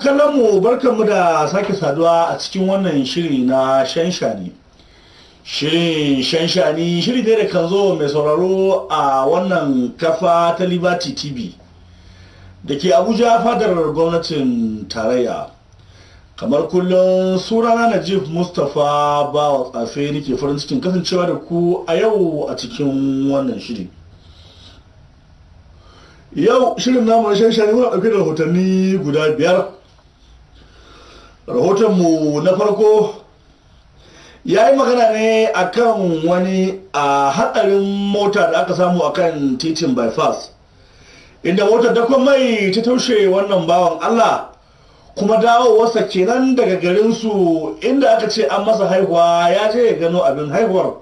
kallon mu barkanmu da sake saduwa a cikin wannan shiri na shanshani shirin shanshani shiri da kan zo mai sauraro a wannan kafa ta liberty tv da ke abuja fadar gwamnatin tarayya kamar kullum surana najib mustapha bawa tsafe nake farin cikin kasancewa da ku a yau a cikin wannan shirin. yau shirin namun shanshani shan ɗauke da rahotanni guda biyar rahotonmu na farko ya yi magana ne a kan wani a hatsarin mota da aka samu a kan titin bypass inda motar da mai ta taushe wannan bawan allah kuma dawowarsa kenan daga garinsu inda aka ce an masa haihuwa ya je ya gano abin haihuwar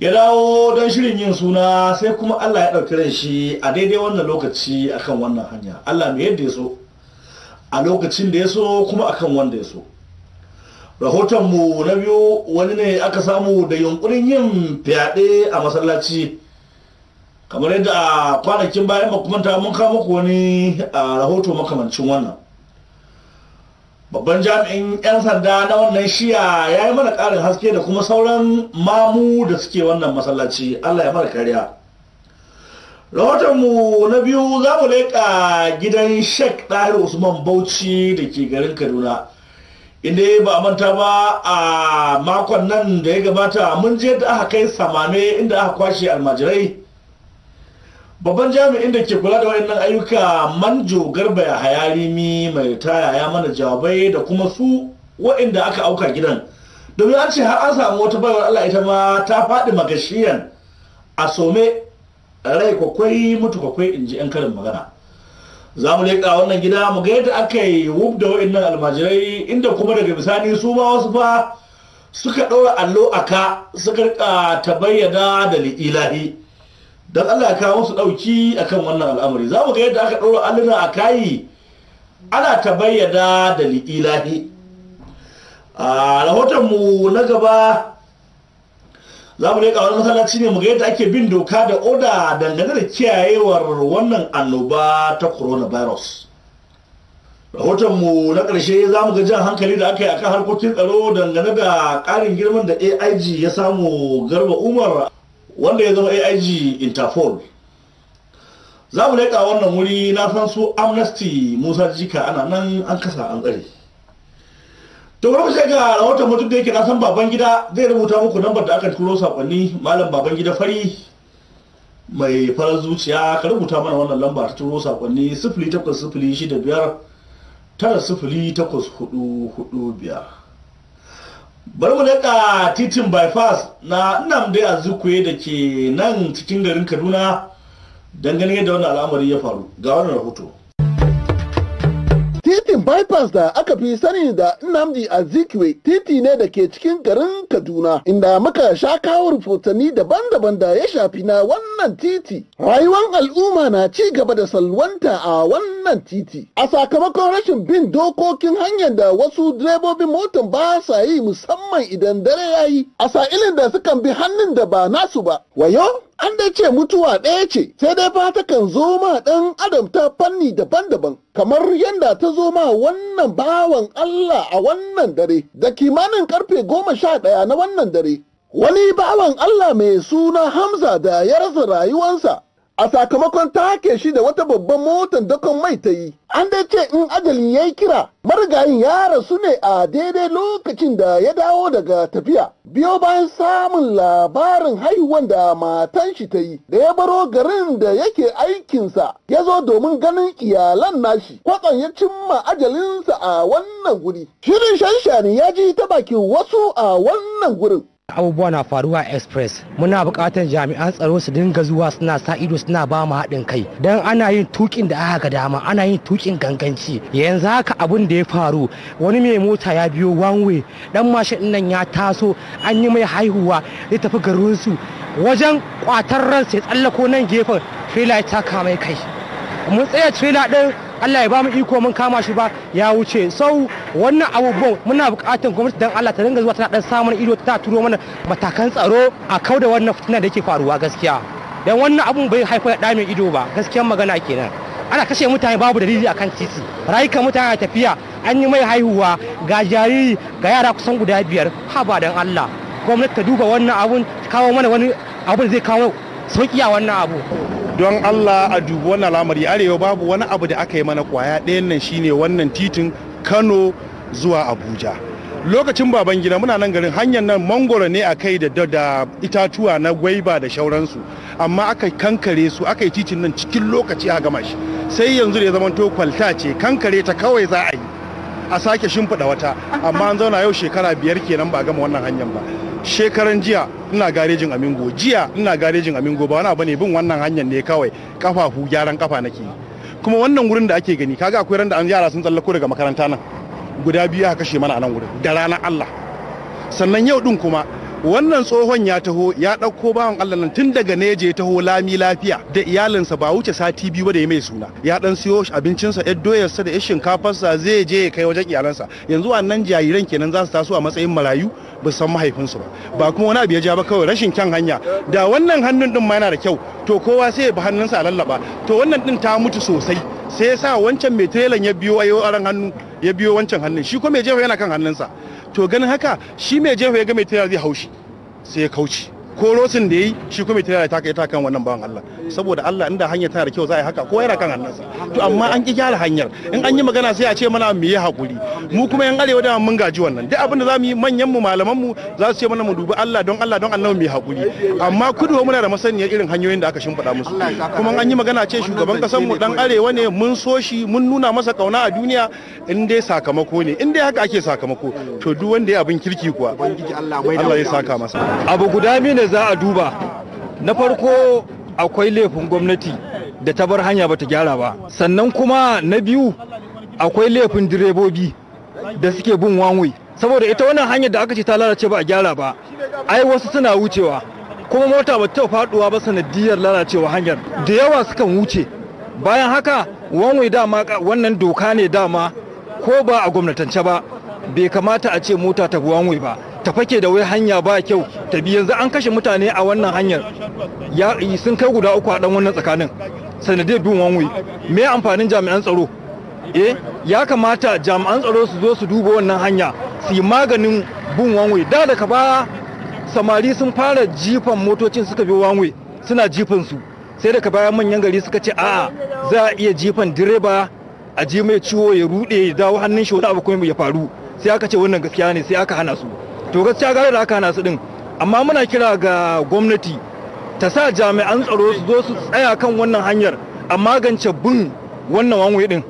ya dawo don shirin yin suna sai kuma allah ya ɗauki ran shi a daidai wannan lokaci akan wannan hanya allah mai yadda ya so a lokacin da ya so kuma a kan wanda ya so rahotonmu na biyu wani ne aka samu da yunkurin yin fyaɗe a masallaci kamar yadda a kwanakin bayan makamanta mun kama ku wani a rahoto makamancin wannan babban jami'in 'yan sanda na wannan shiya ya yi mana ƙarin haske da kuma sauran mamu da suke wannan masallaci allah ya mara kariya mu na biyu za mu leƙa gidan shek ɗari usman bauchi da ke garin kaduna inda ba manta ba a makon nan da ya gabata mun je da aka kai samame inda aka kwashe almajirai babban jami'in da ke kula da waɗannan ayyuka manjo garba ya hayarimi mai ritaya ya mana jawabai da kuma su waɗanda aka auka gidan domin an ce har an samu wata baiwar allah ita ma ta faɗi magashiyan a some rai kwakwai mutu kwakwai in ji yan karin magana za mu leƙa wannan gida mu ga yadda aka yi wub da wa'innan almajirai inda kuma daga bisani su ma wasu ba, suka ɗora allo a ka suka rika ta bayyana da li'ilahi don allah ka musu ɗauki a kan wannan al'amari za mu ga yadda aka ɗora alluna a kayi ana ta bayyana da li'ilahi a rahotonmu na gaba za mu leƙa wani masallaci ne mu ga yadda ake bin doka da oda dangane da kiyayewar wannan annoba ta coronavirus mu na ƙarshe za mu ga jan hankali da aka yi akan harkokin tsaro dangane da ƙarin girman da aig ya samu garba umar wanda ya zama aig interpol za mu leƙa wannan wuri na san su amnesty musa jika ana nan an kasa an tsare to kuma sai ga rahoton mutum da yake na san baban gida zai rubuta muku lambar da aka turo sakonni malam baban gida fari mai farar zuciya ka rubuta mana wannan lamba ta turo sakonni 0805 sifili takwas hudu hudu biyar bari mu daga titin bypass na nnamdi azikwe da ke nan cikin garin kaduna dangane da wannan al'amari ya faru ga wannan rahoto Titin bypass da aka fi sani da Nnamdi Azikiwe titi ne da ke cikin garin Kaduna inda muka sha kawo rufotanni daban-daban da ya shafi na wannan titi. rayuwan al'umma na ci gaba da salwanta a wannan titi. A sakamakon rashin bin dokokin hanyar da wasu direbobin motan ba sa yi musamman idan dare ya yi. A sa'ilin da sukan bi hannun da ba nasu ba. Wayo An da ce mutuwa ɗaya ce, sai dai fa kan zo ma ɗan adam ta fanni daban-daban, kamar yadda ta zo ma wannan bawan Allah a wannan dare, da kimanin karfe goma sha ɗaya na wannan dare. Wani bawan Allah mai suna Hamza da ya rasa rayuwansa a sakamakon ta hake shi da wata babban motan dakon mai ta yi an dai ce in ajali ya yi kira marigayin ya rasu ne a daidai lokacin da ya dawo daga tafiya biyo bayan samun labarin haihuwan da matan shi ta yi da ya baro garin da yake aikinsa ya zo domin ganin iyalan nashi kwatsan ya cimma ajalinsa a wannan guri shirin shanshani ya ji ta bakin wasu a wannan gurin abubuwa na faruwa express muna buƙatar jami'an tsaro su dinga zuwa suna sa ido suna ba mu haɗin kai don ana yin tukin da aka ga dama ana yin tukin ganganci yanzu haka abun da ya faru wani mai mota ya biyo one way dan mashin nan ya taso an yi mai haihuwa zai tafi garin su wajen kwatar ransa ya tsallako nan gefen trailer ta kama kai mun tsaya trailer din Allah ya ba mu iko mun kama shi ba ya wuce sau wannan abubuwan muna buƙatar gwamnati dan Allah ta dinga zuwa tana dan samun ido ta turo mana matakan tsaro a kau da wannan fitina da ke faruwa gaskiya dan wannan abun bai haifar da mai ido ba gaskiyar magana kenan ana kashe mutane babu dalili akan titi rayukan mutane tafiya an yi mai haihuwa ga jariri ga yara kusan guda biyar haba dan Allah gwamnati ta duba wannan abun kawo mana wani abu da zai kawo sauki a wannan abu don allah a dubi wannan lamari arewa babu wani abu da aka yi mana kwaya ɗayan nan shine wannan titin kano zuwa abuja lokacin baban gida muna nan garin hanyar nan mangoro ne a kai da, da itatuwa na gwaiba da shauransu amma aka kankare su aka yi titin nan cikin lokaci a gama shi sai yanzu da ya zamanto kwalta ce kankare ta kawai za a yi a sake shimfiɗa wata amma an zauna yau shekara biyar kenan ba gama wannan hanyar ba shekaran jiya ina garejin amingo jiya ina garejin amingo ba wani abu ne bin wannan hanyar ne kawai kafafu gyaran kafa nake kuma wannan wurin da ake gani kaga akwai ran da an yara sun tsallako daga makaranta nan guda biyu aka kashe mana a nan wurin da rana Allah sannan yau din kuma wannan tsohon ya taho ya ɗauko bawan Allah nan tun daga neje ya taho lami lafiya da iyalinsa ba wuce sati biyu ba da ya mai suna ya ɗan siyo abincinsa ya doyarsa da ya shinkafarsa zai je ya kai wajen iyalansa yanzu nan jariran kenan za su taso a matsayin marayu ba san mahaifinsu ba ba kuma wani abu ya ja ba kawai rashin kyan hanya da wannan hannun din ma yana da kyau to kowa sai ya bi hannunsa a lallaba to wannan din ta mutu sosai sai ya sa wancan mai telan ya biyo ayo aran hannu ya biyo wancan hannun shi kuma mai jefa yana kan hannunsa to ganin haka shi mai jefa ya ga mai tayar zai haushi sai ya kauce ko rosin da yi shi kuma tana ta kai ta kan wannan bawan Allah saboda Allah inda hanya tana da kyau za a yi haka ko yana kan hannunsa to amma an ki gyara hanyar in an yi magana sai a ce mana mu yi hakuri mu kuma yan arewa da mun gaji wannan duk abin da za mu yi manyan mu malaman mu za su ce mana mu dubi Allah don Allah don Allah mu yi hakuri amma kudu muna da masaniyar irin hanyoyin da aka shimfiɗa musu kuma an yi magana ce shugaban kasan mu dan arewa ne mun so shi mun nuna masa kauna a duniya in dai sakamako ne in dai haka ake sakamako to duk wanda ya abin kirki kuwa Allah ya saka masa abu guda biyu za a duba na farko akwai laifin gwamnati da ta bar hanya bata gyara ba sannan kuma na biyu akwai laifin direbobi da suke bin wanwai saboda ita wannan hanyar da aka ce ta lalace ba a gyara ba ai wasu suna wucewa kuma mota ba ta faduwa ba sanadiyar lalacewa hanyar da yawa sukan wuce bayan haka wanwai dama wannan doka ne dama ko ba a gwamnatance ba bai kamata a ce mota ta wanwai ba ta fake da wai hanya ba kyau ta bi yanzu an kashe mutane a wannan hanyar ya sun kai guda uku a dan wannan tsakanin sanadiyar bin wanwe me amfanin jami'an tsaro eh ya kamata jami'an tsaro su zo su duba wannan hanya su yi maganin bin wanwe da daga ba samari sun fara jifan motocin suka bi wanwe suna jifan su sai daga baya manyan gari suka ce a'a za a iya jifan direba a ji mai ciwo ya rude ya dawo hannun shi wani abu kuma ya faru sai aka ce wannan gaskiya ne sai aka hana su to gaskiya ga da aka hana su din amma muna kira ga gwamnati ta sa jami'an tsaro su zo su tsaya kan wannan hanyar a magance bin wannan wanwe din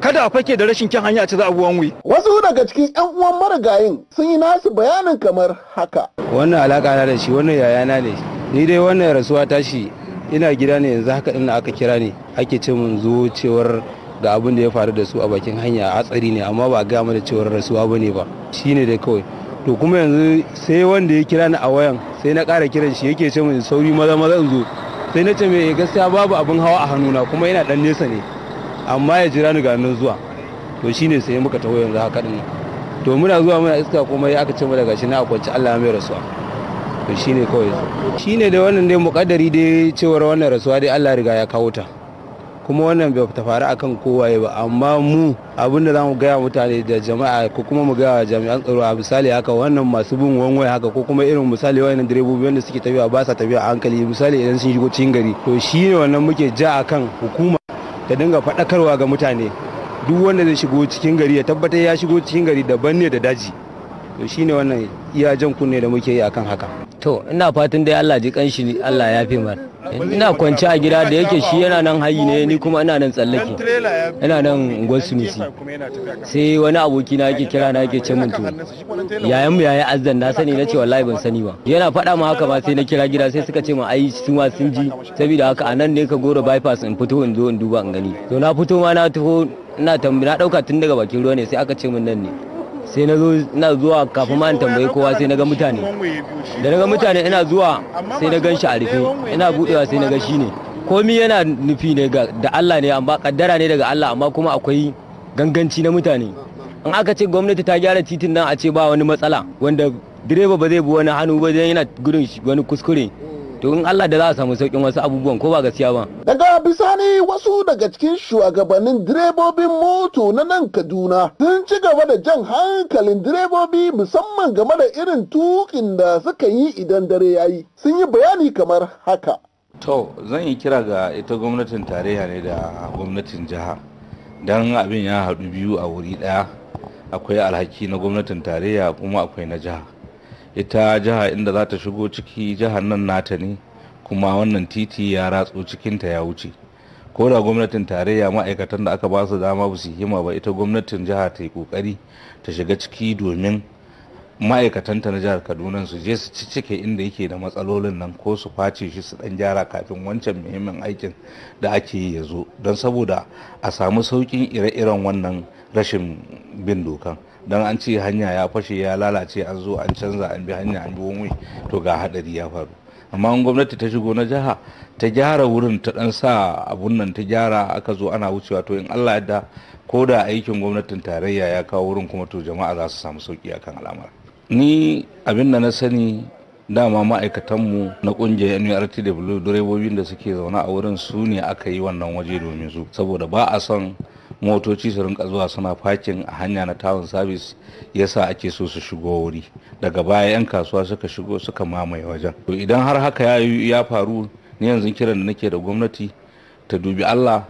kada a fake da rashin kyan hanya a ci za a Wasu daga cikin 'yan uwan marigayin sun yi nasu bayanin kamar haka. Wannan alaƙa na da shi wannan yayana ne. Ni dai wannan rasuwa ta shi ina gida ne yanzu haka ina aka kira ne ake ce mun zo cewar ga abin da ya faru da su a bakin hanya a hatsari ne amma ba a gama da cewar rasuwa ba ne ba. Shi ne dai kawai. to kuma yanzu sai wanda ya kira ni a wayan sai na ƙara kiran shi yake ce min sauri maza maza in zo sai na ce mai gaskiya babu abin hawa a hannuna kuma yana dan nesa ne amma ya jira ni ga nan zuwa to shine sai muka taho yanzu haka din to muna zuwa muna iska kuma ya aka ce mu daga shi na akwanci Allah mai rasuwa to shine kawai shine da wannan dai mukaddari dai cewar wannan rasuwa dai Allah riga ya kawo ta kuma wannan bai ta faru akan kowaye ba amma mu abinda za mu gaya mutane da jama'a ko kuma mu gaya jami'an tsaro a misali haka wannan masu bin wanwai haka ko kuma irin misali wayannan direbobi wanda suke tafiya ba sa tafiya a hankali misali idan sun shigo cikin gari to ne wannan muke ja kan hukuma ta dinga faɗakarwa ga mutane duk wanda zai shigo cikin gari ya tabbatar ya shigo cikin gari daban ne da daji to shi ne wannan iya jan kunne da muke yi akan haka to ina fatan dai Allah ji kanshi Allah ya fi mana ina kwance a gida da yake shi yana nan hayi ne ni kuma ina nan tsallake ina nan nisi sai wani aboki na yake kira na yake ce min to yayan mu yayi azan na sani na ce wallahi ban sani ba yana faɗa ma haka ba sai na kira gida sai suka ce ma ai su ma sun ji saboda haka anan ne ka gora bypass in fito in zo in duba in gani to na fito ma na taho ina tambaya na dauka tun daga bakin ruwa ne sai aka ce min nan ne sai na zo ina zuwa kafin ma in tambayi kowa sai na ga mutane da na ga mutane ina zuwa sai na gan shi a rufe ina budewa sai na ga shi ne komi yana nufi ne da Allah ne amma kaddara ne daga Allah amma kuma akwai ganganci na mutane in aka ce gwamnati ta gyara titin nan a ce ba wani matsala wanda direba ba zai bi wani hannu ba zai yana gudun wani kuskure to in Allah da za a samu saukin wasu abubuwan ko ba gaskiya ba daga bisani wasu daga cikin shugabannin direbobin moto na nan Kaduna sun ci gaba da jan hankalin direbobi musamman game da irin tukin da suka yi idan dare ya yi, sun yi bayani kamar haka to zan yi kira ga ita gwamnatin tarayya ne da gwamnatin jiha don abin ya haɗu biyu a wuri ɗaya akwai alhaki na gwamnatin tarayya kuma akwai na jiha ita jiha inda za ta shigo ciki jihar nan nata ne kuma wannan titi ya ratso cikinta ya wuce ko da gwamnatin tarayya ma'aikatan da aka ba su dama ba su hima ba ita gwamnatin jiha ta yi kokari ta shiga ciki domin ma'aikatanta na jihar kaduna su je su ci cike inda yake da matsalolin nan ko su face shi su dan gyara kafin wancan muhimmin aikin da ake yi ya zo don saboda a samu sauƙin ire-iren wannan rashin bin dokan don an ce hanya ya fashe ya lalace an zo an canza an bi hanya an bi wani to ga haɗari ya faru amma an gwamnati ta shigo na jiha ta gyara wurin ta dan sa abun nan ta gyara aka zo ana wucewa to in Allah yadda ko da aikin gwamnatin tarayya ya kawo wurin kuma to jama'a za su samu sauki a kan al'amar ni abin da na sani dama ma'aikatanmu na kungiyar nurtw direbobin da suke zaune a wurin su ne aka yi wannan waje domin su saboda ba a son motoci su rinka zuwa suna fakin a hanya na town service yasa ake so su shigo wuri daga baya 'yan kasuwa suka shigo suka mamaye wajen to idan har haka ya faru ni yanzu kiran da nake da gwamnati ta dubi allah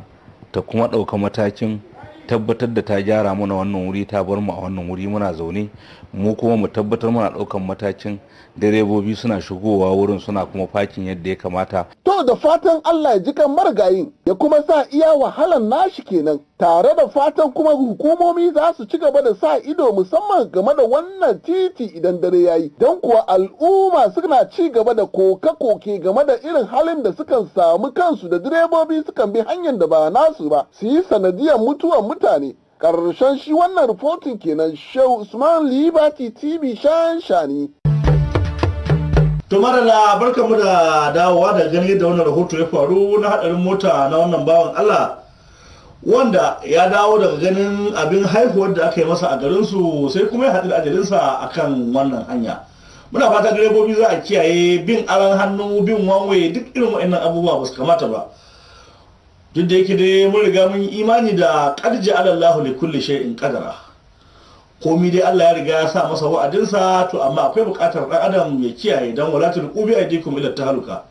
ta kuma ɗauka matakin tabbatar da ta gyara mana wannan wuri ta bar mu a wannan wuri muna zaune mu kuma mu tabbatar muna ɗaukan matakin direbobi suna shigowa wurin suna kuma fakin yadda ya kamata yau da fatan Allah ya ji kan marigayin ya kuma sa iya wahalan nashi kenan tare da fatan kuma hukumomi za su ci gaba da sa ido musamman game da wannan titi idan dare ya yi don kuwa al'umma suna ci gaba da koke-koke game da irin halin da sukan samu kansu da direbobi sukan bi hanyar da ba nasu ba su yi sanadiyar mutuwar mutane karshen shi wannan rufotin kenan shehu usman liberty tv shan shani tumara la barka mu da dawowa da ganin da wannan rahoto ya faru na hadarin mota na wannan bawan Allah wanda ya dawo daga ganin abin haihuwar da aka yi masa a garin su sai kuma ya haɗu da ajalinsa a kan wannan hanya muna fata direbobi za a kiyaye bin aran hannu bin wanwe duk irin wa'annan abubuwa ba su kamata ba duk da yake dai mun riga mun imani da ƙarji alallahu li kulli shay'in qadara komi dai Allah ya riga ya sa masa wa'adinsa to amma akwai buƙatar ɗan adam ya kiyaye dan wala ta rukubi a ta ila tahaluka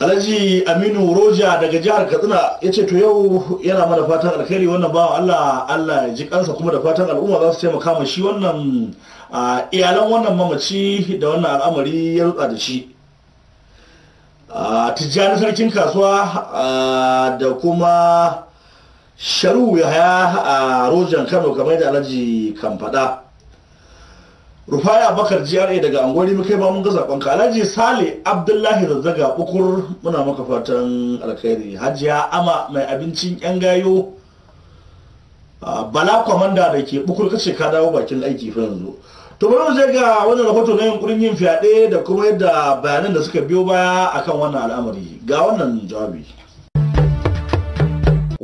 alhaji aminu roja daga jihar katsina ya ce to yau yana mana fatan alkhairi wannan bawan allah allah ya ji kansa kuma da fatan al'umma za su taimaka ma shi wannan iyalan wannan mamaci da wannan al'amari ya rutsa da shi tijjani sarkin kasuwa da kuma sharu ya a rojan kano kamar da alhaji kan faɗa rufaya bakar gra daga angoli muka yi mun ga alhaji sale abdullahi da zaga bukur muna maka fatan alkhairi hajiya ama mai abincin yan gayo bala kwamanda da ke bukur kace ka dawo bakin aiki fa yanzu to bari mu je ga wannan rahoto na yunkurin yin fyaɗe da kuma yadda bayanan da suka biyo baya akan wannan al'amari ga wannan jawabi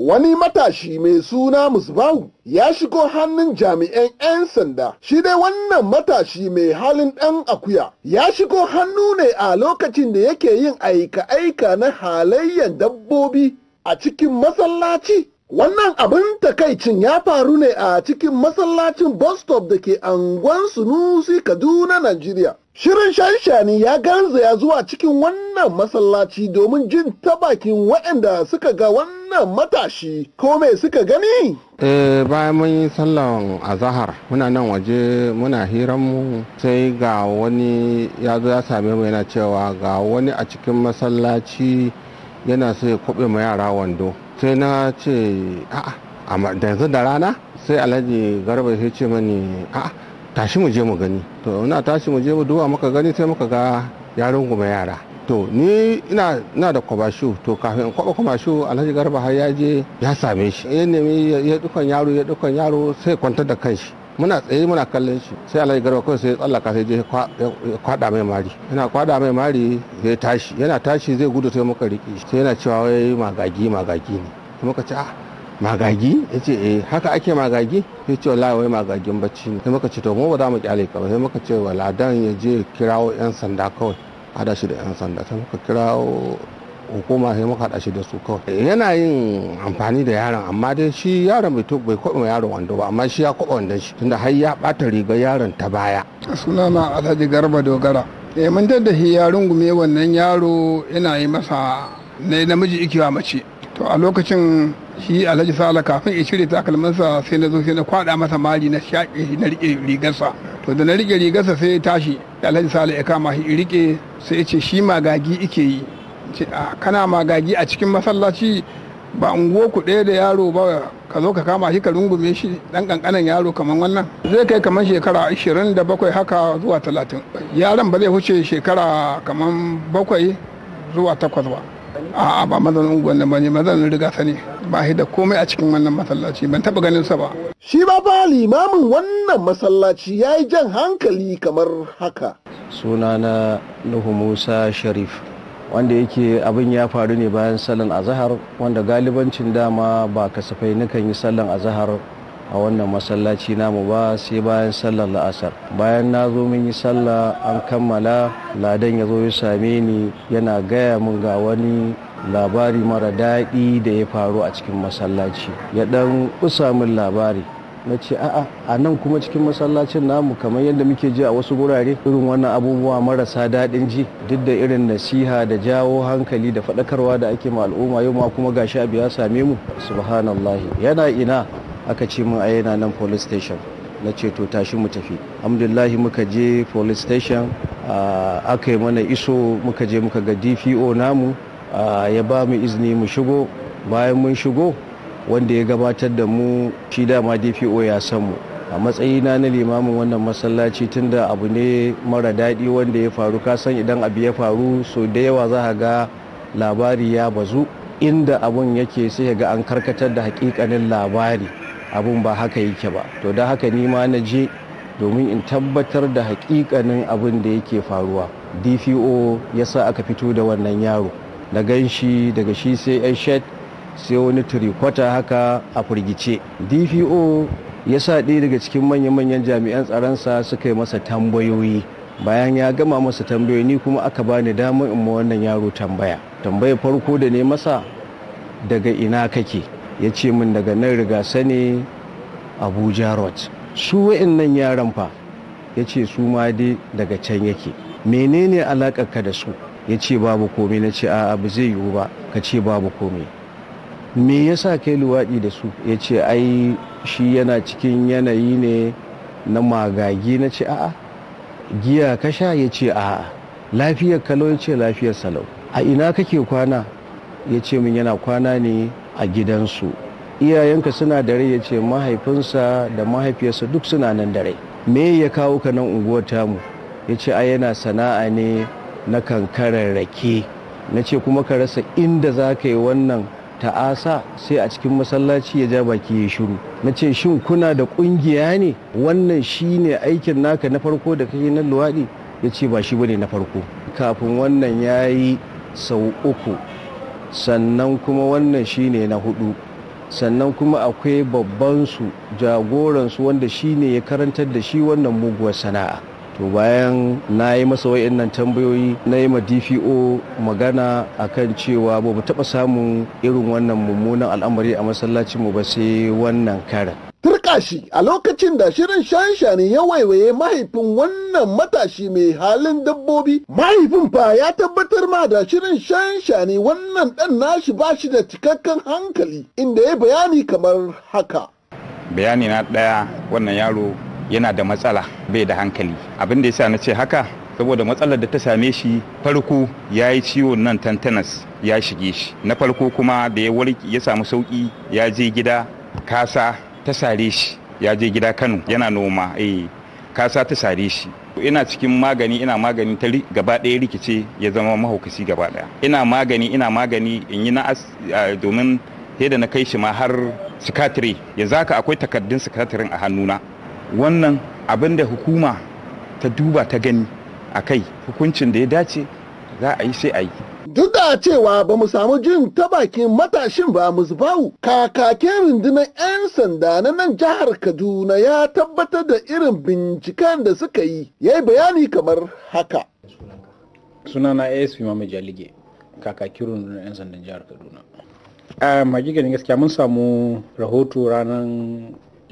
wani matashi mai suna musbahu ya shigo hannun jami'an 'yan sanda shi dai wannan matashi mai halin ɗan akuya ya shigo hannu ne a lokacin da yake yin aika-aika na halayyar dabbobi a cikin masallaci Wannan abin takaicin ya faru ne a cikin masallacin stop da ke angon Sunusi Kaduna, Najeriya. Shirin shanshani ya ganza ya zuwa cikin wannan masallaci domin jin ta waɗanda suka ga wannan matashi ko me suka gani? Eh bayan mun yi sallan azahar muna nan waje muna hiranmu sai ga wani ya zo ya same mu yana cewa ga wani a cikin masallaci yana so ya kuɓe ma yara wando. sai na ce a'a da yanzu da rana sai alhaji garba sai ce mani a'a tashi mu je mu gani to ina tashi mu je mu duba muka gani sai muka ga yaron goma yara to ni ina da kwabashu to kafin kwaba kwabashu alhaji garba har ya je ya same shi ya nemi ya dukan yaro ya dukan yaro sai kwantar da kanshi muna tsaye muna kallon shi sai ya garba kawai sai ya tsallaka sai je kwada mai mari yana kwada mai mari ya tashi yana tashi zai gudu sai muka riƙe shi sai yana cewa wai magagi magagi ne muka ce ah magagi ya ce eh haka ake magagi sai ce wallahi wai magagin bacci ne sai muka ce to mu ba za mu kyale ka ba sai muka ce wala dan ya je kirawo yan sanda kawai hada shi da yan sanda sai muka kirawo hukuma sai muka haɗa shi da su kawai eh, yana yin amfani da yaron amma dai shi yaron bai bai kwaɓa yaron wando ba amma shi ya kwaɓa wanda. shi tunda har ya ɓata rigar yaron ta baya sunana alhaji garba dogara eh mun shi ya gume wannan yaro yana yi masa na namiji ikiwa mace to a lokacin shi alhaji sala kafin ya cire takalminsa sai na zo sai na kwada masa mali na shaƙe na rike rigarsa to da na rike rigarsa sai ya tashi alhaji sala ya kama shi rike sai ya ce shi magagi ike yi a ah, kana magagi a cikin masallaci ba unguwa ku ɗaya da yaro ba ka zo ka kama shi ka rungume shi ɗan ƙanƙanan yaro kamar wannan zai kai kamar shekara 27 haka zuwa 30 yaron ba zai huce shekara kamar bakwai zuwa takwas ba a'a ba mazan unguwan da bane mazan riga sani ba shi da komai a cikin wannan masallaci ban taba ganin sa ba shi ba ba limamin wannan masallaci ya yi jan hankali kamar haka Suna na nuhu musa sharif wanda yake abin ya faru ne bayan sallan azahar wanda galibancin dama ba kasafai nukan yi sallan azahar a wannan masallaci namu ba sai bayan sallar la'asar bayan na zo mun yi sallah an kammala ladan ya zo ya same ni yana gaya min ga wani labari mara daɗi da ya faru a cikin masallaci ya ɗan kusa min labari na ce a'a a nan kuma cikin masallacin namu kamar yadda muke ji a wasu gurare irin wannan abubuwa marasa daɗin ji duk da irin nasiha da jawo hankali da faɗakarwa da ake ma al'umma yau ma kuma gashi abu ya same mu subhanallahi yana ina aka ce mun ai yana nan police station na ce to tashi mu tafi alhamdulillahi muka je police station aka yi mana iso muka je muka ga dpo namu ya ba mu izini mu shigo bayan mun shigo wanda ya gabatar da mu shi dama dpo ya san mu a matsayina na limamin wannan masallaci tunda abu ne mara daɗi wanda ya faru kasan idan abu ya faru so da yawa za a ga labari ya bazu inda abun yake sai ga an karkatar da hakikanin labari abun ba haka yake ba to da haka ni ma na je domin in tabbatar da hakikanin abun da yake faruwa dpo ya sa aka fito da wannan yaro na gan shi daga shi sai 'yan sai wani turikwata haka a firgice dpo ya sa ɗaya daga cikin manya-manyan jami'an tsaronsa suka yi masa tambayoyi bayan ya gama masa tambayoyi ni kuma aka bani damar in ma wannan yaro tambaya tambayar farko da ne masa daga ina kake ya ce min daga nan riga sani abuja Rot. su wa'innan yaran fa ya ce su ma dai daga can yake menene ka da su ya ce babu komai na ce a'a abu zai yiwu ba ka ce babu komai me yasa kai luwaɗi da su ya ce ai shi yana cikin yanayi ne na magagi na ce a'a giya ka sha ya ce a'a lafiyar kalau ya ce lafiyar salau a ina kake kwana ya ce min yana kwana ne a gidansu iyayenka suna da rai ya ce mahaifinsa da mahaifiyarsa duk suna nan da rai me ya kawo ka nan unguwar tamu ya ce ai yana sana'a ne na kankarar rake na ce kuma ka rasa inda za ka yi wannan ta'asa sai a cikin masallaci ya ja baki ya shiru na ce shin kuna da kungiya ne wannan shine aikin naka na farko da kake na luwaɗi ya ce ba shi bane na farko kafin wannan ya yi sau uku sannan kuma wannan shine na hudu sannan kuma akwai babbansu jagoransu wanda shine ya karantar da shi wannan muguwar sana'a to bayan na yi masa wayannan tambayoyi na yi ma dpo magana kan cewa ba mu taɓa samun irin wannan mummunan al'amari a masallacin mu ba sai wannan karan turkashi a lokacin da shirin shanshani ya waiwaye mahaifin wannan matashi mai halin dabbobi mahaifin fa ya tabbatar ma da shirin shanshani wannan dan nashi ba shi da cikakken hankali inda ya bayani kamar haka bayani na ɗaya wannan yaro yana da matsala bai da hankali abin da yasa na ce haka saboda matsalar da ta same shi farko ya yi ciwon nan tantanas ya shige shi na farko kuma da ya ya samu sauki ya je gida kasa ta sare shi ya je gida kano yana noma eh kasa ta sare shi ina cikin magani ina magani ta gaba ɗaya rikice ya zama mahaukaci gaba ɗaya ina magani ina magani in yi na domin da na kai shi ma har sikatire yanzu haka akwai takardun sikatirin a hannuna wannan abin da hukuma ta duba ta gani a kai hukuncin da ya dace za a yi sai a yi duk da cewa ba mu samu jin ta bakin matashin ba mu musbahu kakakin rundunar 'yan sanda na nan jihar kaduna ya tabbatar da irin binciken da suka yi ya yi bayani kamar haka sunana asp mamaye jalige kakakin rundunar 'yan sandan jihar kaduna a ah, magiganin gaskiya mun samu rahoto ranar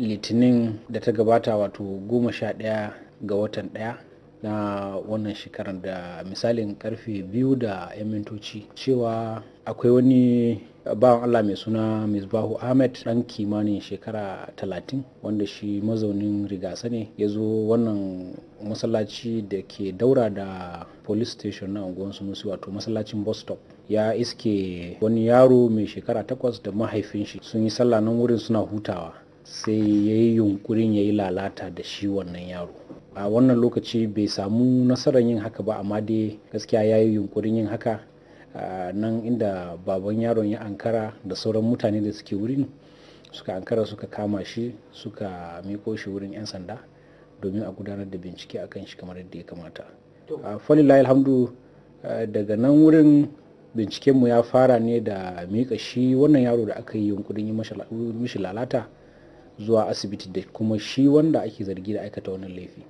litinin da ta gabata wato goma sha ɗaya ga watan ɗaya na wannan shekarar da misalin karfe biyu da 'yan mintoci cewa akwai wani bawan allah mai suna misbahu ahmed dan kimanin shekara talatin, wanda shi mazaunin rigasa ne ya zo wannan masallaci da ke daura da police station na unguwar sunusi wato masallacin bus stop ya iske wani yaro mai shekara takwas da mahaifin shi sun yi sallah nan wurin suna hutawa sai ya yi yunkurin ya yi lalata da shi wannan yaro a wannan lokaci bai samu nasarar yin haka ba amma dai gaskiya ya yi yunkurin yin haka nan inda baban yaron ya ankara da sauran mutane da suke wurin suka ankara suka kama shi suka miko shi wurin 'yan sanda domin a gudanar da bincike a kan shi kamar yadda ya kamata falilayi alhamdu daga nan wurin bincikenmu ya fara ne da miƙa shi wannan yaro da aka yi yunkurin yi mishi lalata zuwa asibiti da kuma shi wanda ake zargi da aikata wannan laifi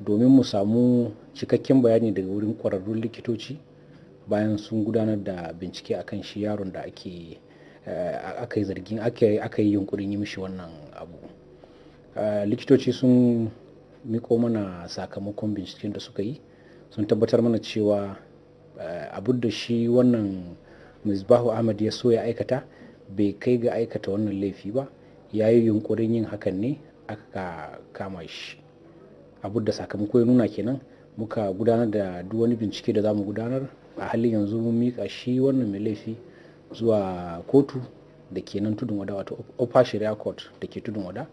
domin mu samu cikakken bayani daga wurin kwararrun likitoci bayan sun gudanar da bincike kan shi yaron da ake eh, aka yi zargin aka yi yunkurin yi mishi wannan abu eh, likitoci sun miko mana sakamakon binciken da suka yi sun tabbatar mana cewa eh, abin da shi wannan misbahu ahmad ya so ya aikata bai kai ga aikata wannan laifi ba ya yi yunkurin yin hakan ne aka kama shi abu da sakamako ya nuna kenan muka gudanar da duk wani bincike da za mu gudanar a halin yanzu mun mika shi wannan mai laifi zuwa kotu da ke nan tudun wada wato upper shari'a court da ke tudun wada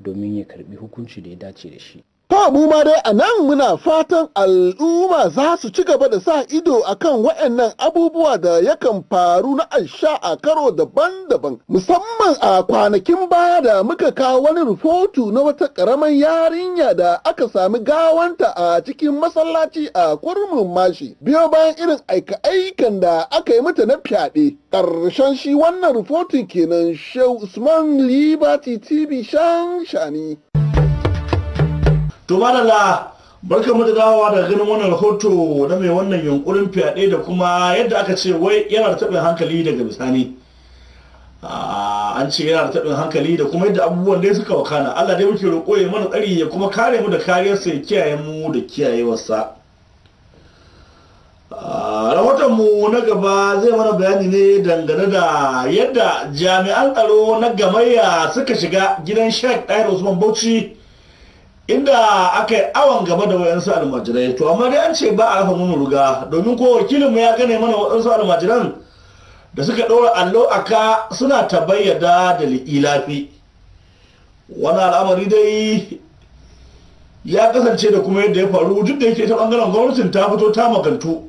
domin ya karbi hukunci da ya dace da shi Ba mu ma dai a nan muna fatan al'umma za su ci gaba da sa ido akan waɗannan abubuwa da yakan faru na aisha a karo daban-daban musamman a kwanakin baya da muka kawo wani rufotu na wata ƙaramar yarinya da aka sami gawanta a cikin masallaci a kurmin mashi biyo bayan irin aika-aikan da aka yi mata na fyaɗe ƙarshen shi wannan rufotin kenan shehu usman liberty tv shan shani. to madalla barka mu da dawowa daga ganin wannan rahoto na mai wannan yunkurin fyaɗe da kuma yadda aka ce wai yana da taɓin hankali daga bisani an ce yana da taɓin hankali da kuma yadda abubuwan dai suka wakana allah dai muke roƙo ya mana tsari ya kuma kare mu da kariyarsa ya kiyaye mu da kiyayewarsa mu na gaba zai mana bayani ne dangane da yadda jami'an tsaro na gamayya suka shiga gidan shek ɗaya da usman bauchi inda aka yi awon gaba da wayansu almajirai to amma dai an ce ba a rufe mun ruga domin ko wakilin mu ya gane mana waɗansu almajiran da suka ɗora allo a ka suna ta da li'ilafi wani al'amari dai ya kasance da kuma yadda ya faru duk da yake ta bangaren gwamnatin ta fito ta magantu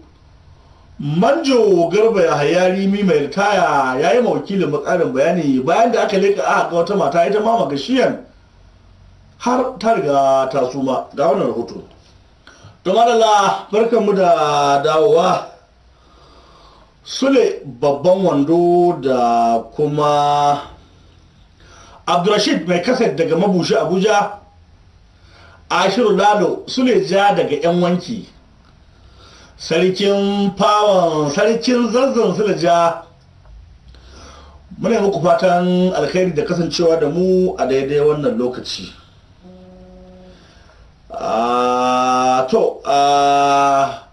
manjo garba ya hayari mi mai ritaya, ya yi mawakilin makarin bayani bayan da aka leka aka wata mata ita ma magashiyan har ta riga ta suma ga wannan rahoto to madalla mu da dawowa sule babban wando da kuma abdurrashid mai kaset daga mabushi abuja ashiru lalo sule ja daga yan wanki sarkin fawon sarkin zazzan sule ja muna yi muku fatan alkhairi da kasancewa da mu a daidai wannan lokaci Ah, to ah,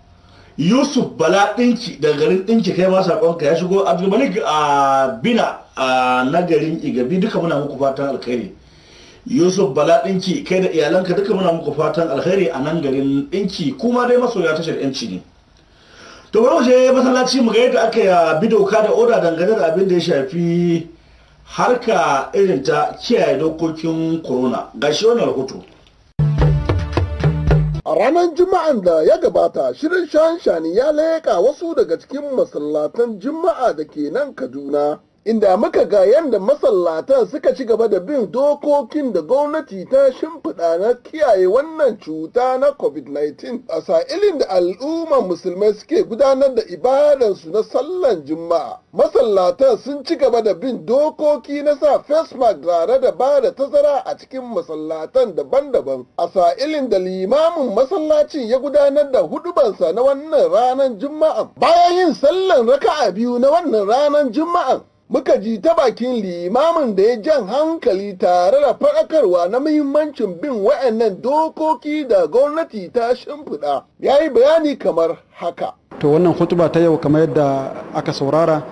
yusuf bala ɗinki daga garin ɗinki kai ma saƙonka ya shigo abdulmalik a ah, bina a garin igabi duka muna muku fatan alkhairi yusuf bala ɗinki kai da iyalanka duka muna muku fatan alkhairi a nan garin ɗinki kuma dai masoya tashar yanci ne to bari mu je masallaci mu ga yadda aka ya bi doka da oda dangane da abin da ya shafi harka irin ta kiyaye dokokin corona gashi wannan rahoton A ranar Juma'an da ya gabata, shirin shan shani ya leƙa wasu daga cikin masallatan Juma'a da ke nan Kaduna. inda muka ga yadda masallatan suka ci gaba da bin dokokin da gwamnati ta shimfiɗa na kiyaye wannan cuta na covid-19 a sa'ilin da al'umman musulmai suke gudanar da ibadansu na sallan juma'a masallatan sun ci gaba da bin dokoki na sa face mask tare da ba da tazara a cikin masallatan daban-daban a sa'ilin da limamin masallacin ya gudanar da hudubansa na wannan ranar juma'a bayan yin sallan raka'a biyu na wannan ranar juma'a muka ji ta bakin limamin da ya jan hankali tare da faɗakarwa na muhimmancin bin wa'annan dokoki da gwamnati ta shimfiɗa ya yi bayani kamar haka to wannan hutuba ta yau kamar yadda aka saurara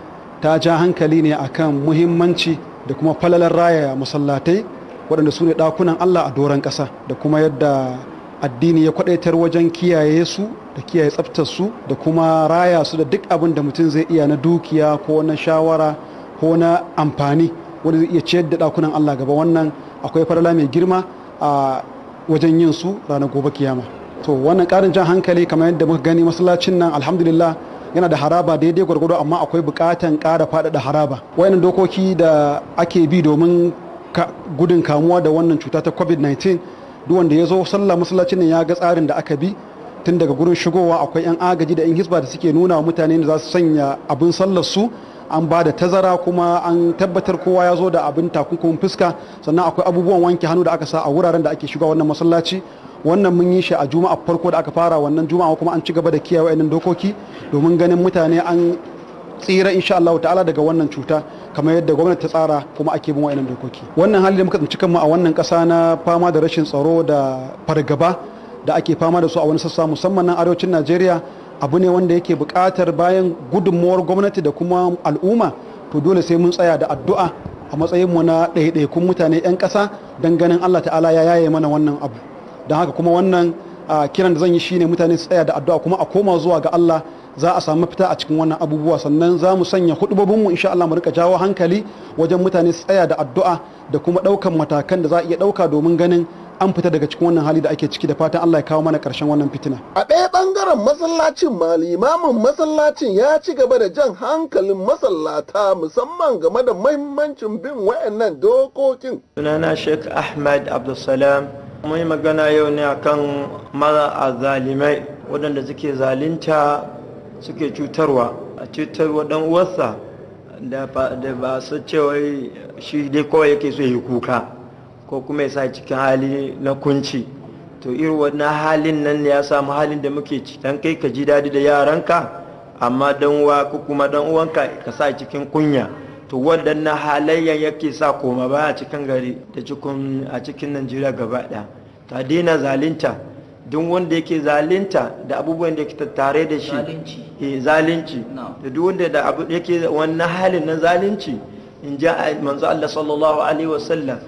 ta ja hankali ne akan muhimmanci da kuma falalar raya masallatai waɗanda su ne ɗakunan allah a doron ƙasa da kuma yadda addini ya kwaɗaitar wajen kiyaye su da kiyaye tsaftar su da kuma raya su da duk abin da mutum zai iya na dukiya ko na shawara ko na amfani wanda zai iya ciyar da dakunan Allah gaba wannan akwai farala mai girma a wajen yin su ranar gobe kiyama to wannan karin jan hankali kamar yadda muka gani masallacin nan alhamdulillah yana da haraba daidai gwargwado amma akwai buƙatan ƙara faɗaɗa haraba wayannan dokoki da ake bi domin gudun kamuwa da wannan cuta ta covid-19 duk wanda ya zo sallah masallacin nan ya ga tsarin da aka bi tun daga gurin shigowa akwai 'yan agaji da 'yan hisba da suke nuna wa mutane da za su sanya abin sallar su an ba da tazara kuma an tabbatar kowa ya zo da abin takunkumin fuska sannan akwai abubuwan wanke hannu da aka sa a wuraren da ake shiga wannan masallaci wannan mun yi shi a juma'a farko da aka fara wannan juma'a kuma an ci gaba da kiyaye wa'annan dokoki domin ganin mutane an tsira insha Allah ta'ala daga wannan cuta kamar yadda gwamnati ta tsara kuma ake bin wa'annan dokoki wannan hali da muka tsinci kanmu a wannan kasa na fama da rashin tsaro da fargaba da ake fama da su a wani sassa musamman nan arewacin Najeriya abu ne wanda yake buƙatar bayan gudunmuwar gwamnati da kuma al'umma to dole sai mun tsaya da addu'a a matsayinmu na ɗaiɗaikun mutane 'yan ƙasa don ganin Allah ta'ala ya yaye mana wannan abu don haka kuma wannan kiran da zan yi shine mutane su tsaya da addu'a kuma a koma zuwa ga Allah za a samu fita a cikin wannan abubuwa sannan za mu sanya hudubobinmu insha Allah mu rika jawo hankali wajen mutane su tsaya da addu'a da kuma ɗaukan matakan da za a iya ɗauka domin ganin an fita daga cikin wannan hali da ake ciki da fatan Allah ya kawo mana karshen wannan fitina a ɗaya bangaren masallacin ma limamin masallacin ya ci gaba da jan hankalin masallata musamman game da mahimmancin bin waannan dokokin sunana Sheikh Ahmad Abdulsalam mun magana yau ne akan mara zalimai waɗanda suke zalunta suke cutarwa a cutarwa ɗan uwarsa da ba su cewa shi dai kawai yake so yi kuka ko kuma ya sa cikin hali na kunci to irin wannan halin nan ne ya samu halin da muke ci dan kai ka ji dadi da yaranka amma dan uwa ko kuma dan uwanka ka sa cikin kunya to waɗannan halayyan yake sa koma baya cikin gari da cikin a cikin Najeriya gaba ɗaya ta daina zalunta duk wanda yake zalunta da abubuwan da yake tattare da shi eh zalunci da duk wanda da abu yake wannan halin na zalunci in ja manzo Allah sallallahu alaihi wasallam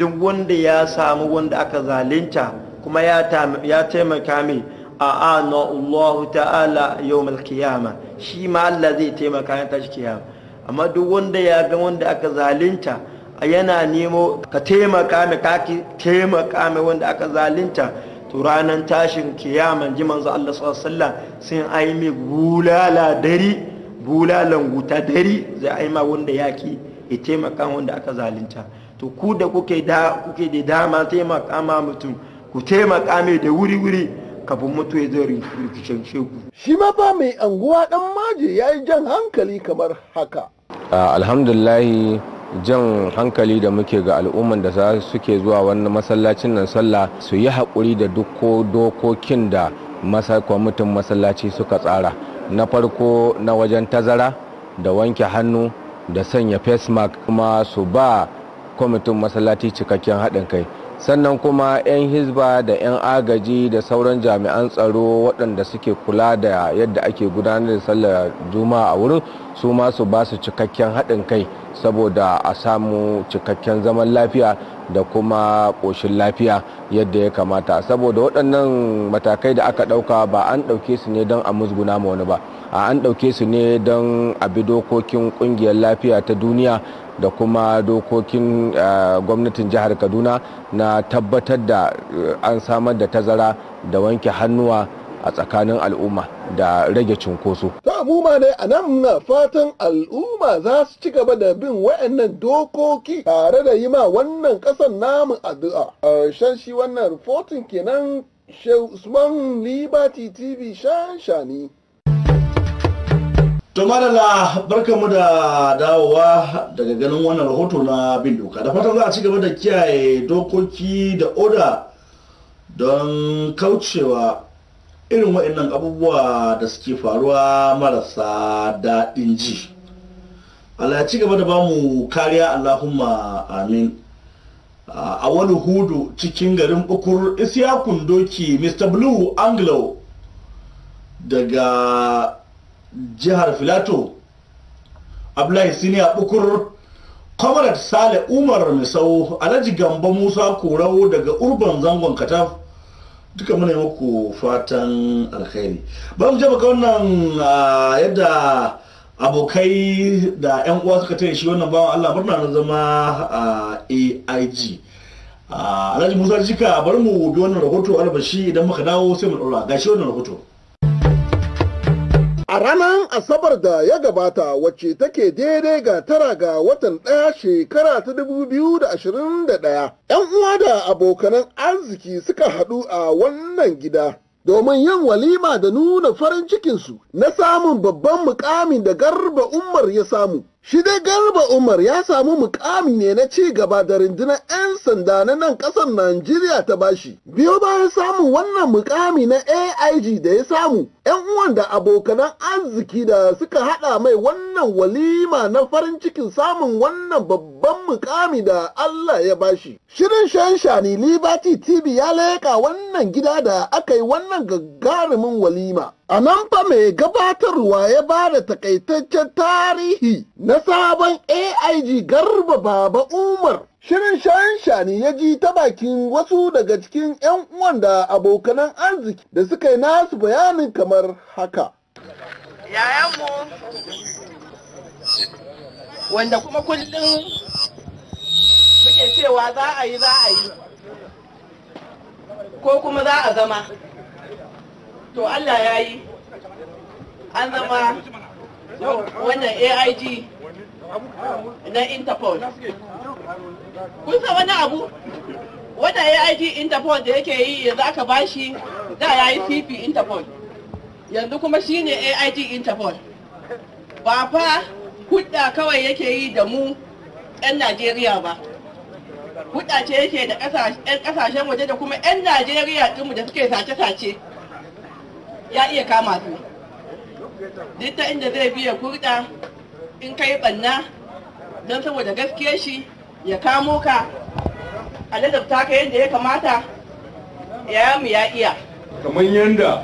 duk wanda ya samu wanda aka zalunta kuma ya taimaka mai a ana Allah ta'ala yau malkiyama shi ma Allah zai taimaka ya tashi kiyama amma duk wanda ya ga wanda aka zalunta yana nemo ka taimaka mai kaki taimaka mai wanda aka zalunta to ranar tashin kiyama ji manzo Allah sallallahu sun ai bulala dari bulalan wuta dari zai ai wanda yaki ya taimaka wanda aka zalunta to ku da kuke da kuke da dama taimaka ma mutum ku taimaka mai da wuri-wuri kafin mutu ya zo rikicin sheku. Shi ma ba mai anguwa dan maje ya yi jan hankali kamar haka. Alhamdulillahi jan hankali da muke ga al'umman da za suke zuwa wannan masallacin nan sallah su yi haƙuri da duk dokokin da kwamitin masallaci suka tsara na farko na wajen tazara da wanke hannu da sanya face mask kuma su ba kwamitin masallaci cikakken haɗin kai sannan kuma 'yan hizba da 'yan agaji da sauran jami'an tsaro waɗanda suke kula da yadda ake gudanar da sallar juma'a a wurin su ma su ba su cikakken haɗin kai saboda a samu cikakken zaman lafiya da kuma ƙoshin lafiya yadda ya kamata saboda waɗannan matakai da aka ɗauka ba an ɗauke su ne don a musguna ma wani ba a an ɗauke su ne don a bi dokokin ƙungiyar lafiya ta duniya da kuma dokokin eh, gwamnatin jihar kaduna na tabbatar da eh, an samar da tazara da wanke hannuwa a tsakanin al'umma da rage cunkoso. Ta abuma ne, a nan na fatan al'umma za su ci gaba da bin wayannan dokoki tare da yi ma wannan kasan namun addu'a. shan shi wannan rufotin kenan Shehu Usman Liberty TV shani to madalla barkanmu da dawowa daga ganin wannan rahoto na bin doka da fatan za a ci gaba da kiyaye dokoki da oda don kaucewa irin wa'annan abubuwa da suke faruwa marasa daɗin ji Allah ya ci gaba da bamu kariya Allahumma amin a wani hudu cikin garin bukur isiyakun doki mr blue anglo daga jihar filato abdullahi a bukur comrade sale umar misau alhaji gamba musa korau daga urban zangon kataf duka muna muku fatan alkhairi ba mu jaba wannan ah, yadda abokai da yan uwa suka taya shi wannan bawan allah murna na zama ah, a aig ah, alhaji musa jika bari mu bi wannan rahoto albashi idan muka dawo sai mu ɗora gashi wannan rahoto A ranar Asabar da ya gabata wacce take daidai ga tara ga watan ɗaya shekara ta 2021, 'yan uwa da abokanan arziki suka haɗu a wannan gida. Domin yin walima da nuna farin cikinsu na samun babban mukamin da garba Umar ya samu Shi dai Garba Umar ya samu mukami ne na ci gaba da rundunar 'yan sanda na nan kasar Najeriya ta bashi. Biyo bayan samun wannan mukami na AIG da ya samu, 'yan uwan da abokanan arziki da suka haɗa mai wannan walima na farin cikin samun wannan babban mukami da Allah ya bashi. Shirin shanshani Liberty TV ya leƙa wannan gida da aka yi wannan gagarumin walima. A nan fa mai gabatarwa ya ba da takaitaccen tarihi na sabon AIG Garba Baba Umar. Shirin shayin shani ya ji ta bakin wasu daga cikin 'yan uwan da abokanan arziki da suka yi nasu bayanin kamar haka. Yayanmu wanda kuma kullum muke cewa za a yi za a yi ko kuma za a zama. to Allah ya yi an zama wannan AIG na Interpol kun san wani abu wannan AIG Interpol da yake yi yanzu aka bashi da ya yi CP Interpol yanzu kuma shine AIG Interpol ba fa hudda kawai yake yi da mu 'yan Najeriya ba hudda ce yake da ƙasashen waje da kuma 'yan Najeriya ɗinmu da suke sace-sace ya iya kama su, duk ta inda zai biya kurda in kai banna don saboda gaskiyar shi ya kamo ka a ladabta ka yadda ya kamata ya mu ya iya kamar yadda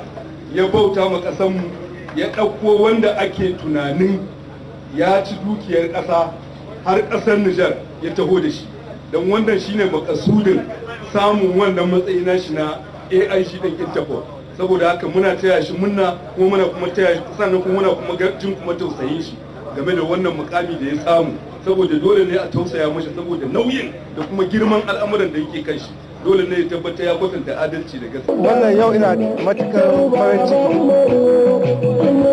ya bauta ma ƙasanmu ya ɗauko wanda ake tunanin ya ci dukiyar ƙasa har ƙasar nijar ya taho da shi don wannan shine makasudin samun wannan matsayi na shi na aic ɗin interpol saboda haka muna taya shi munna kuma muna kuma taya shi sannan kuma muna kuma jin kuma tausayin shi game da wannan mukami da ya samu saboda dole ne a tausaya masa saboda nauyin da kuma girman al'amuran da yake kan shi dole ne ya tabbata ya kwatanta adalci da gaskiya wannan yau ina matukar farin ciki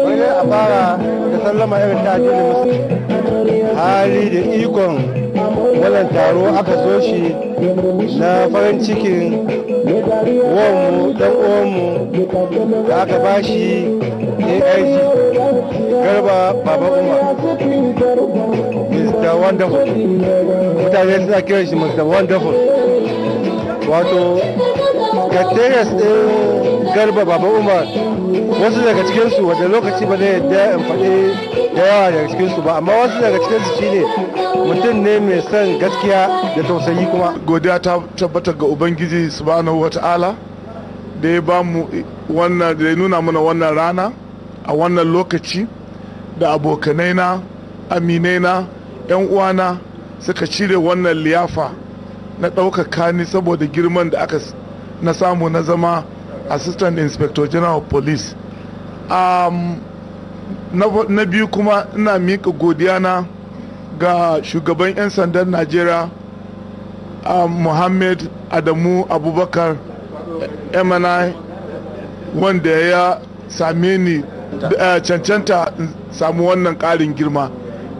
bayan a fara da sallama irin ta da musu hali da ikon wannan taro aka zo shi na farin cikin wonmu dan uwanmu da aka ba shi aig garba baba umar mr wonderful mutane suna kiran shi mr wonderful wato gateres ɗin garba baba umar wasu daga cikinsu wadda lokaci ba zai yadda in faɗi da yawa daga cikinsu ba amma wasu daga su shine mutum ne mai son gaskiya da tausayi kuma godiya ta tabbatar ga ubangiji subhanahu wata'ala da ya ba mu wannan da ya nuna mana wannan rana a wannan lokaci da abokanai na aminai na yan uwana suka cire wannan liyafa na ɗaukaka ni saboda girman da aka na samu na zama assistant inspector general of police um, na biyu kuma ina miƙa godiyana ga shugaban 'yan sandan najeriya muhammad adamu abubakar mni wanda ya same ni eh, cancanta samu wannan ƙarin girma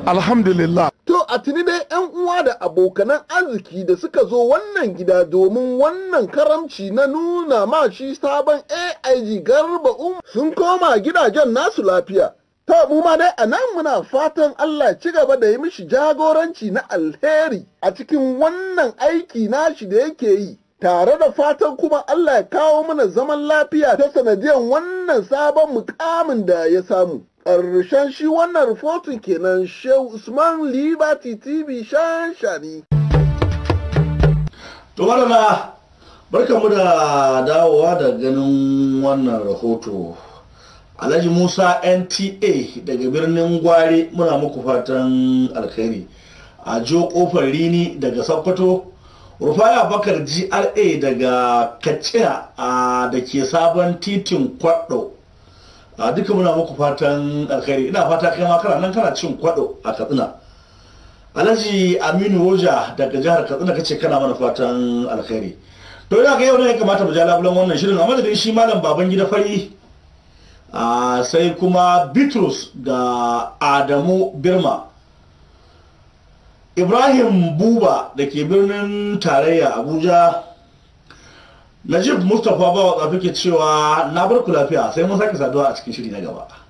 alhamdulillah to a tuni dai 'yan uwa da abokanan arziki da suka zo wannan gida domin wannan karamci na nuna ma shi sabon aig garba um sun koma gidajen nasu lafiya Ta mu ma dai a nan muna fatan Allah ci gaba da yi mishi jagoranci na alheri a cikin wannan aiki nashi da yake yi. Tare da fatan kuma Allah ya kawo mana zaman lafiya ta sanadiyar wannan sabon mukamin da ya samu. Ƙarshen shi wannan rufotin kenan Shehu Usman Liberty TV shanshani. To barka mu da dawowa da ganin wannan rahoto. alhaji musa nta daga birnin gware muna muku fatan alkhairi a jo kofar rini daga sokoto rufaya bakar gra daga katsina da ke sabon titin kwaɗo a duka muna muku fatan alkhairi ina fata kai ma kana nan kana cin kwaɗo a katsina alhaji aminu woja daga jihar katsina kace kana mana fatan alkhairi to ina ga yau ne kamata mu ja labulan wannan shirin a madadin shi malam baban gida fari Ah, sai kuma bitrus da adamu birma ibrahim buba da ke birnin tarayya abuja najib mustapha bawa tsafi ke cewa na barku lafiya sai mun sake saduwa a cikin shiri na gaba